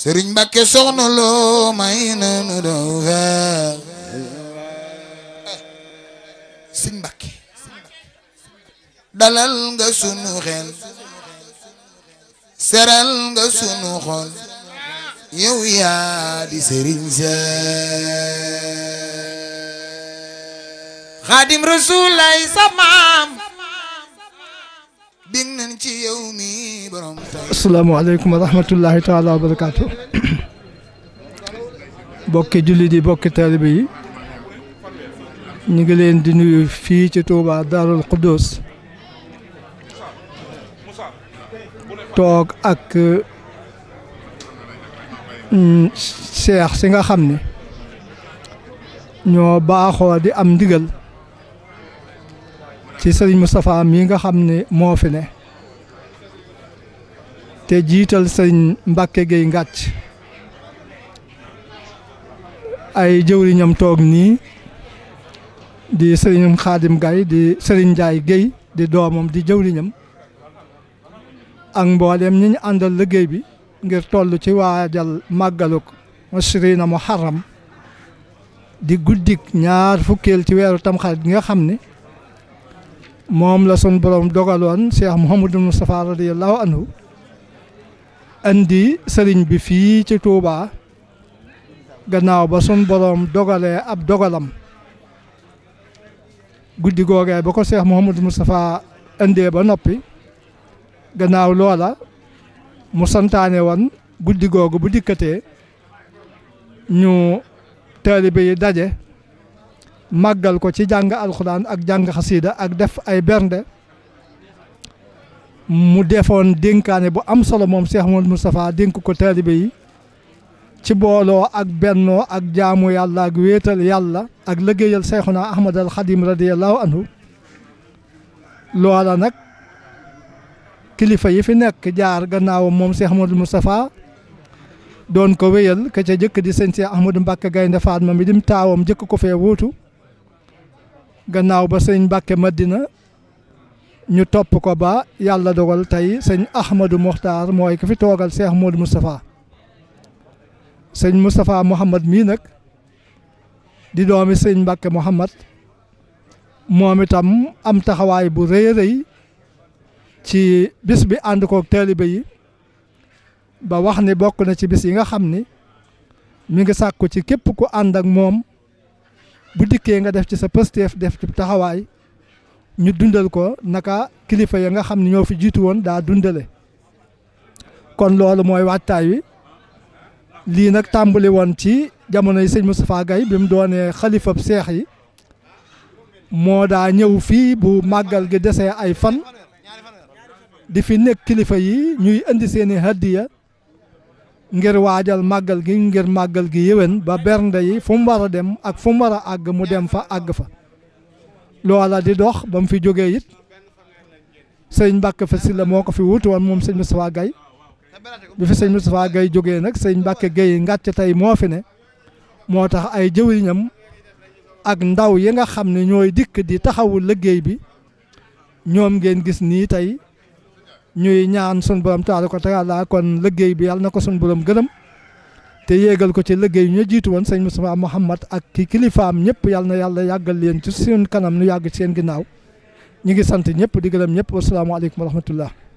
sëriñ Mbàkke soxna loo may na nu doon xaar sëriñ Mbàkke dalal nga sunu xel nga sunu xol yow yaa di ñaan ci yow mi wa barakaatu bokki jullit yi bokki taalibe yi ñu ngi leen di nuyu fii ci Touba Darul Quddoos toog ak mm, seex si nga xam ni ñoo baaxoo di am ndigal ci sëriñ Moustapha mii nga xam ni moo fi ne te jiital sëñ Mbacke Gueye ngàcc ay jëwriñam toog nii di sëriñ Xaadim Gaye di sëriñ Ndiaye géey di doomam di jëwriñam ak mboolem ñi àndal liggéey bi ngir toll ci waajal màggaluk mu Muharram di guddik ñaar fukkeel ci weeru tamxarit gi nga xam ni moom la sun borom dogaloon Cheikh Mouhamadou Moustapha radiyallahu anhu andi sëriñ bi fii ci Touba gannaaw ba sun borom dogalee ab dogalam guddi googee ba ko Cheikh Mouhamadou Moustapha indee ba noppi gannaaw loola mu santaane woon guddi googu bu dikkatee ñu taalibe yi daje màggal ko ci jàng alxuraan ak jàng xasiida ak def ay bernde mu defoon dénkaane bu am solo moom Cheikh Mouhamadou Moustapha dénk ko taalibe yi ci booloo ak bennoo ak jaamu yàlla ak wéetal yàlla ak liggéeyal Seyxuna Ahmad al Xadim radiyallahu loola nag kilifa yi fi nekk jaar gannaawam moom Cheikh Mouhamadou Moustapha doon ko wéyal ka ca jëkk di sëñ Cheikh Ahmadou Mbacke Gaynde Fatma mi dim taawam jëkk ko fee wuutu gannaaw ba sëñ Mbacke Madina ñu topp ko ba yàlla dogal tey sëñ Ahmadou Mokhtar mooy ki fi toogal Cheikh Modou Moustapha sëñ Moustapha Mouhamad mii nag di doomi sëñ Mbacke Mouhamad moom itam am taxawaay bu rëy rëy ci bis bi ànd koog taalibe yi ba wax ni bokk na ci bis yi nga xam ni mi ngi sàkku ci képp ku ànd ak moom bu dikkee nga def ci sa pësteef def ci taxawaay ñu dundal ko naka kilifa ya nga xam ne ñoo fi jiitu woon daa dundale kon loolu mooy waajtaay wi lii nag tàmbali woon ci jamono yi sëñ Moustapha Gaye bi mu doonee xalifab seex yi moo daa ñëw fii bu màggal gi desee ay fan di fi nekk kilifa yi ñuy indi seeni hadiya ngir waajal màggal gi ngir màggal gi yéwén ba bernde yi fu mu war dem ak fu mu war àgg mu dem fa àgg fa loola di dox ba mu fi jógee it sëñ Mbacke Fassila moo ko fi wuutu woon moom sëñ Moustapha Gaye bi fi sëñ Moustapha Gaye jógee nag sëñ Mbacke ngàcc tey moo fi ne moo tax ay jëwriñam ak ndaw yi nga xam ne ñooy dikk di taxawu liggéey bi ñoom ngeen gis nii tey ñuy ñaan sun borom taala ko taala kon liggéey bi yàlla na ko sun borom gërëm te yéegal ko ci liggéey ñu jiitu woon sëñ Moustapha Mouhamad ak ki am ñëpp yàlla na yàlla yàggal leen ci seen kanam nu yàgg seen ginnaaw ñu ngi sant ñëpp di gërëm ñëpp wasalaamaaleykum wa rahmatullah